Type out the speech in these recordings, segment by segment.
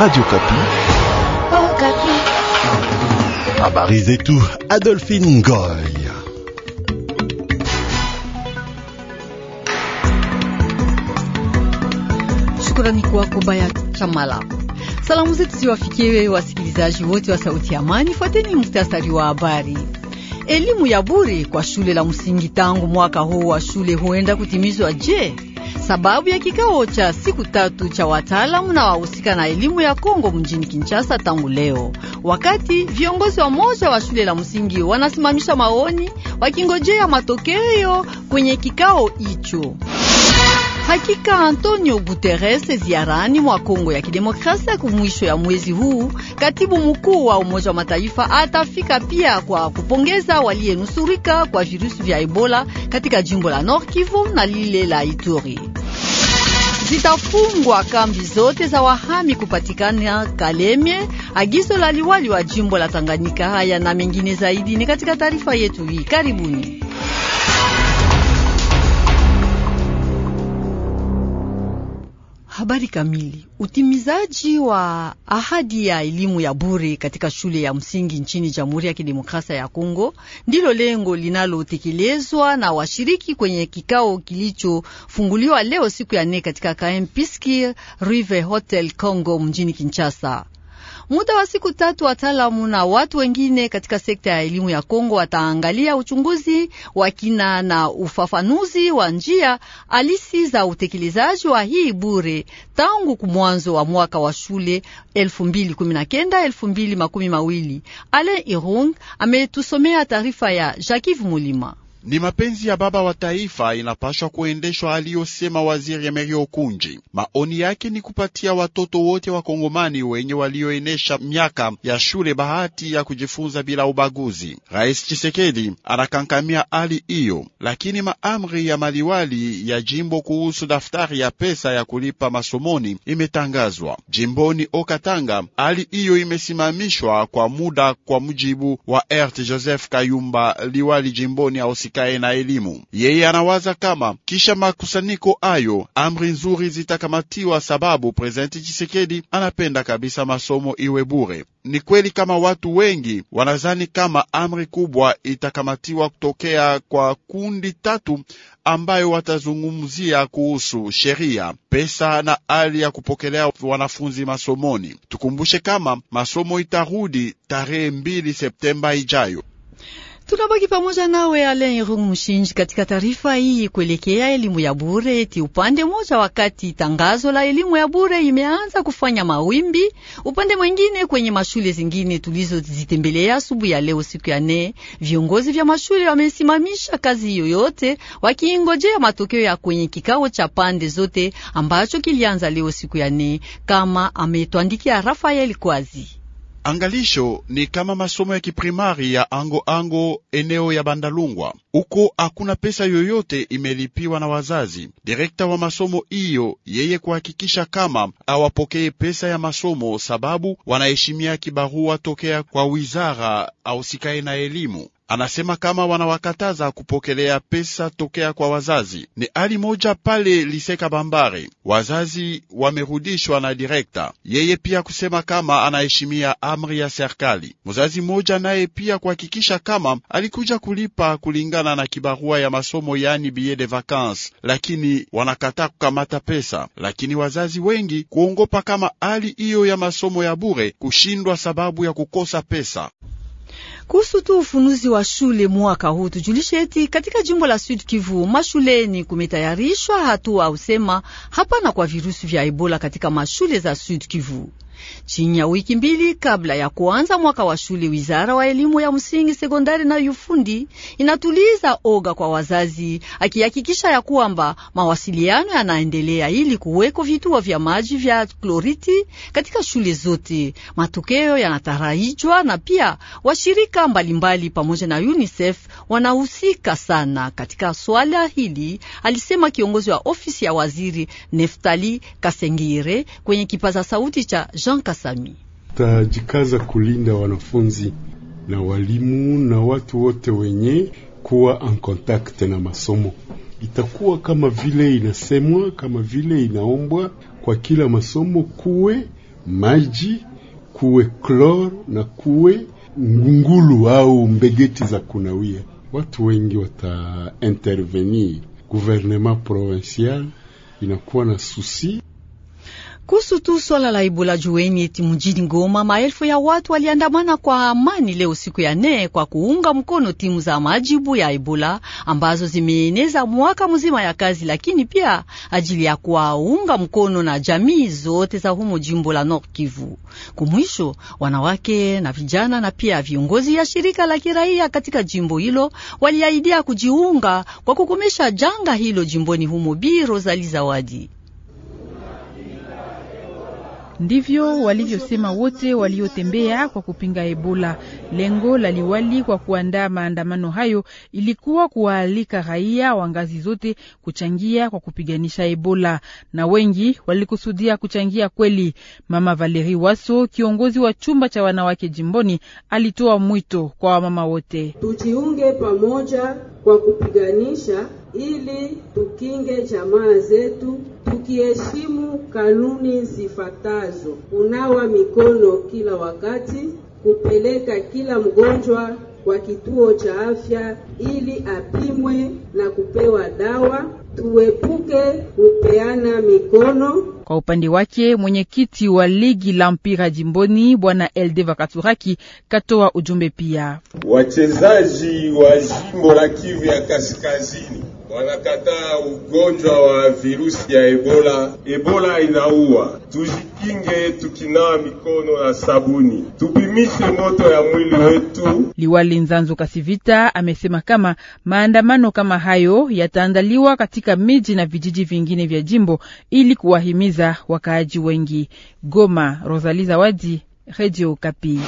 Radio Kapi. Oh, Kapi. Habari zetu Adolphine Goy. Shukrani kwako Baya Chamala. Salamu zetu ziwafikie wasikilizaji wote wa Sauti ya Amani. Fuateni muhtasari wa habari. Elimu ya bure kwa shule la msingi tangu mwaka huu wa shule huenda kutimizwa. Je, sababu ya kikao cha siku tatu cha wataalamu na wahusika na elimu ya Kongo mjini Kinshasa tangu leo, wakati viongozi wa moja wa shule la msingi wanasimamisha maoni wakingojea matokeo kwenye kikao hicho. Hakika Antonio Guterres ziarani mwa Kongo ya Kidemokrasia kumwisho ya mwezi huu, katibu mkuu wa Umoja wa Mataifa atafika pia kwa kupongeza waliyenusurika kwa virusi vya Ebola katika jimbo la Nord Kivu na lile la Ituri. Zitafungwa kambi zote za wahami kupatikana Kalemie, agizo la liwali wa jimbo la Tanganyika. Haya na mengine zaidi ni katika taarifa yetu hii, karibuni. Habari kamili. Utimizaji wa ahadi ya elimu ya bure katika shule ya msingi nchini Jamhuri ya Kidemokrasia ya Kongo ndilo lengo linalotekelezwa na washiriki kwenye kikao kilichofunguliwa leo siku ya nne katika Kaempiski River Hotel Congo mjini Kinshasa. Muda wa siku tatu, wataalamu na watu wengine katika sekta ya elimu ya Kongo wataangalia uchunguzi wa kina na ufafanuzi wa njia halisi za utekelezaji wa hii bure tangu kumwanzo wa mwaka wa shule 2019 2020. Alain Irung ametusomea taarifa ya Jacques Mulima. Ni mapenzi ya baba wa taifa inapashwa kuendeshwa, aliyosema waziri Emery Okunji. Maoni yake ni kupatia watoto wote wa Kongomani wenye walioenesha miaka ya shule bahati ya kujifunza bila ubaguzi. Rais Chisekedi anakankamia hali hiyo, lakini maamri ya maliwali ya jimbo kuhusu daftari ya pesa ya kulipa masomoni imetangazwa jimboni Okatanga. Hali hiyo imesimamishwa kwa muda, kwa mujibu wa Rt Joseph Kayumba, liwali jimboni aosik atakaye na elimu. Yeye anawaza kama kisha makusaniko ayo amri nzuri zitakamatiwa, sababu prezidenti Chisekedi anapenda kabisa masomo iwe bure. Ni kweli kama watu wengi wanazani kama amri kubwa itakamatiwa kutokea kwa kundi tatu ambayo watazungumzia kuhusu sheria, pesa na hali ya kupokelea wanafunzi masomoni. Tukumbushe kama masomo itarudi tarehe mbili Septemba ijayo. Tunabaki pamoja nawe Alen Irung Mshinji katika taarifa hii kuelekea elimu ya bure. Eti upande mmoja, wakati tangazo la elimu ya bure imeanza kufanya mawimbi, upande mwingine kwenye mashule zingine tulizozitembelea asubuhi ya leo, siku ya nne, viongozi vya mashule wamesimamisha kazi yoyote, wakiingojea matokeo ya kwenye kikao cha pande zote ambacho kilianza leo siku ya nne, kama ametwandikia Rafael Kwazi. Angalisho ni kama masomo ya kiprimari ya ango ango eneo ya Bandalungwa, uko hakuna pesa yoyote imelipiwa na wazazi. Direkta wa masomo hiyo yeye kuhakikisha kama awapokee pesa ya masomo, sababu wanaheshimia kibarua tokea kwa wizara au sikae na elimu. Anasema kama wanawakataza kupokelea pesa tokea kwa wazazi. Ni hali moja pale Liseka Bambare, wazazi wamerudishwa na direkta. Yeye pia kusema kama anaheshimia amri ya serikali. Mzazi mmoja naye pia kuhakikisha kama alikuja kulipa kulingana na kibarua ya masomo, yani billet de vacances, lakini wanakataa kukamata pesa. Lakini wazazi wengi kuongopa kama hali hiyo ya masomo ya bure kushindwa sababu ya kukosa pesa. Kuhusu tu ufunuzi wa shule mwaka huu, tujulishe eti katika jimbo la Sud Kivu mashuleni kumetayarishwa hatua usema hapana kwa virusi vya Ebola katika mashule za Sud Kivu. Chini ya wiki mbili kabla ya kuanza mwaka wa shule, wizara wa elimu ya msingi, sekondari na ufundi inatuliza oga kwa wazazi, akihakikisha ya kwamba mawasiliano yanaendelea ili kuweko vituo vya maji vya kloriti katika shule zote. Matokeo yanatarajwa na pia washirika mbalimbali pamoja na UNICEF wanahusika sana katika swala hili, alisema kiongozi wa ofisi ya waziri Neftali Kasengire kwenye kipaza sauti cha Jean Kasami. Tutajikaza kulinda wanafunzi na walimu na watu wote wenye kuwa en contact na masomo. Itakuwa kama vile inasemwa, kama vile inaombwa kwa kila masomo kuwe maji, kuwe klor na kuwe ngungulu au mbegeti za kunawia. Watu wengi wata intervenir. Gouvernement provincial inakuwa na susi kuhusu tu swala la Ebola, jueni eti mjini Goma maelfu ya watu waliandamana kwa amani leo siku ya nne kwa kuunga mkono timu za majibu ya Ebola ambazo zimeeneza mwaka mzima ya kazi, lakini pia ajili ya kuwaunga mkono na jamii zote za humo jimbo la North Kivu. Kumwisho, wanawake na vijana na pia viongozi ya shirika la kiraia katika jimbo hilo waliahidia kujiunga kwa kukomesha janga hilo jimboni humo. Bi Rosali Zawadi Ndivyo walivyosema wote waliotembea kwa kupinga Ebola. Lengo la liwali kwa kuandaa maandamano hayo ilikuwa kuwaalika raia wa ngazi zote kuchangia kwa kupiganisha Ebola, na wengi walikusudia kuchangia kweli. Mama Valeri Waso, kiongozi wa chumba cha wanawake jimboni, alitoa mwito kwa wamama wote, tujiunge pamoja kwa kupiganisha ili tukinge jamaa zetu tukiheshimu kanuni zifatazo kunawa mikono kila wakati, kupeleka kila mgonjwa kwa kituo cha afya ili apimwe na kupewa dawa. Tuepuke kupeana mikono. Kwa upande wake mwenyekiti wa ligi la mpira jimboni bwana Elde Vakaturaki katoa ujumbe pia wachezaji wa jimbo la Kivu ya Kaskazini wanakataa ugonjwa wa virusi ya Ebola. Ebola inaua, tujikinge tukinawa mikono na sabuni, tupimishe moto ya mwili wetu. Liwali Nzanzu Kasivita amesema kama maandamano kama hayo yataandaliwa katika miji na vijiji vingine vya jimbo ili kuwahimiza wakaaji wengi. Goma, Rosalie Zawadi, Radio Kapi.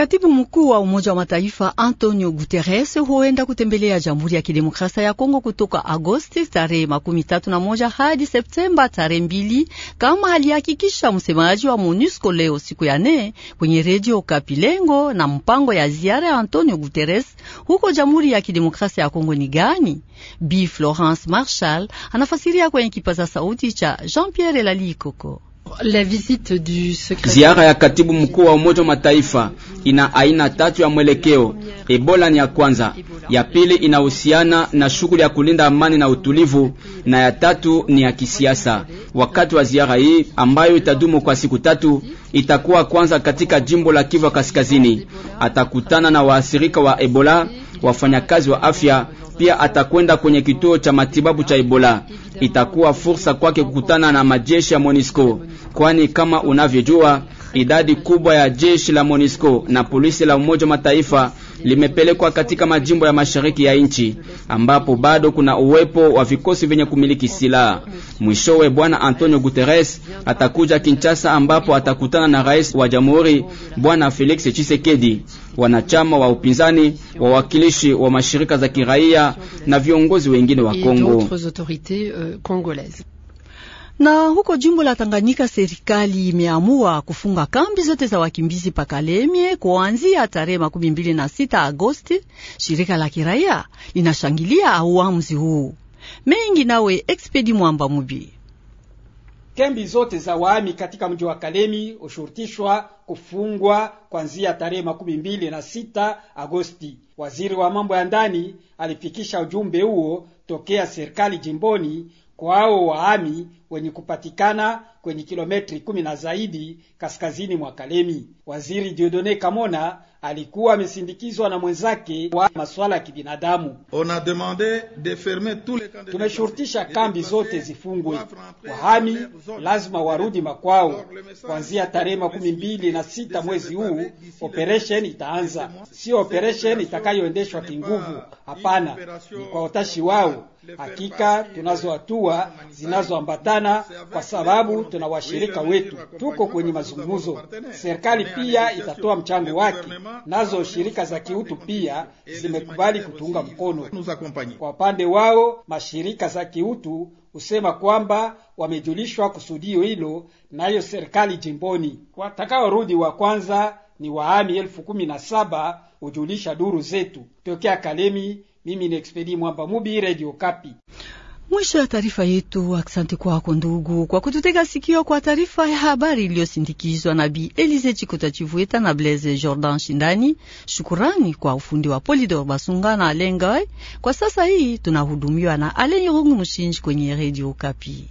Katibu mkuu wa Umoja wa Mataifa Antonio Guterres huenda kutembelea Jamhuri ya Kidemokrasia ya Kongo kutoka Agosti tarehe makumi tatu na moja hadi Septemba tarehe mbili kama alihakikisha msemaji wa MONUSCO leo siku ya nne kwenye redio kapilengo na mpango ya ziara ya Antonio Guterres huko Jamhuri ya Kidemokrasia ya Kongo ni gani? Bi Florence Marshall anafasiria kwenye kipaza sauti cha Jean-Pierre Elali Ziara ya katibu mkuu wa Umoja wa Mataifa ina aina tatu ya mwelekeo. Ebola ni ya kwanza, ya pili inahusiana na shughuli ya kulinda amani na utulivu, na ya tatu ni ya kisiasa. Wakati wa ziara hii ambayo itadumu kwa siku tatu, itakuwa kwanza katika jimbo la Kivu Kaskazini. Atakutana na waathirika wa Ebola, wafanyakazi wa afya pia atakwenda kwenye kituo cha matibabu cha Ebola. Itakuwa fursa kwake kukutana na majeshi ya MONUSCO, kwani kama unavyojua Idadi kubwa ya jeshi la MONUSCO na polisi la Umoja wa Mataifa limepelekwa katika majimbo ya mashariki ya nchi ambapo bado kuna uwepo wa vikosi vyenye kumiliki silaha. Mwishowe, Bwana Antonio Guterres atakuja Kinshasa ambapo atakutana na rais wa jamhuri Bwana Felix Tshisekedi, wanachama wa upinzani, wawakilishi wa mashirika za kiraia na viongozi wengine wa Kongo. Na huko jimbo la Tanganyika, serikali imeamua kufunga kambi zote za wakimbizi pakalemie kuanzia tarehe makumi mbili na sita Agosti. Shirika la kiraia linashangilia uamuzi huu. Mengi nawe Expedi Mwamba Mubi. Kambi zote za waami katika mji wa Kalemi hushurutishwa kufungwa kuanzia tarehe makumi mbili na sita Agosti. Waziri wa mambo ya ndani alifikisha ujumbe huo tokea serikali jimboni kwao waami wenye kupatikana kwenye kilometri kumi na zaidi kaskazini mwa Kalemi. Waziri Diodone Kamona alikuwa amesindikizwa na mwenzake wa masuala ya kibinadamu. Tumeshurutisha kambi zote zifungwe, wahami lazima warudi makwao. kwanzia tarehe makumi mbili na sita mwezi huu Operesheni itaanza, sio operation itakayoendeshwa kinguvu, hapana, ni kwa utashi wao. Hakika tunazo hatua zinazoambatana sana, kwa sababu tuna washirika wetu, tuko kwenye mazungumzo. Serikali pia itatoa mchango wake, nazo shirika za kiutu pia zimekubali kutuunga mkono. Kwa upande wao, mashirika za kiutu husema kwamba wamejulishwa kusudio hilo, nayo serikali jimboni. Watakaorudi wa kwanza ni wahami elfu kumi na saba hujulisha duru zetu tokea Kalemi. Mimi ni Expedi Mwamba Mubi, Radio Kapi. Mwisho ya taarifa yetu. Asante kwako ndugu kwa kututega sikio kwa taarifa ya habari iliyosindikizwa na Bi Elize Chikota Chivueta na Blaise Jordan Shindani. Shukurani kwa ufundi wa Polidor Basunga na Alengawai. Kwa sasa hii tunahudumiwa na Alen Irungu Mushinji kwenye Redio Kapi.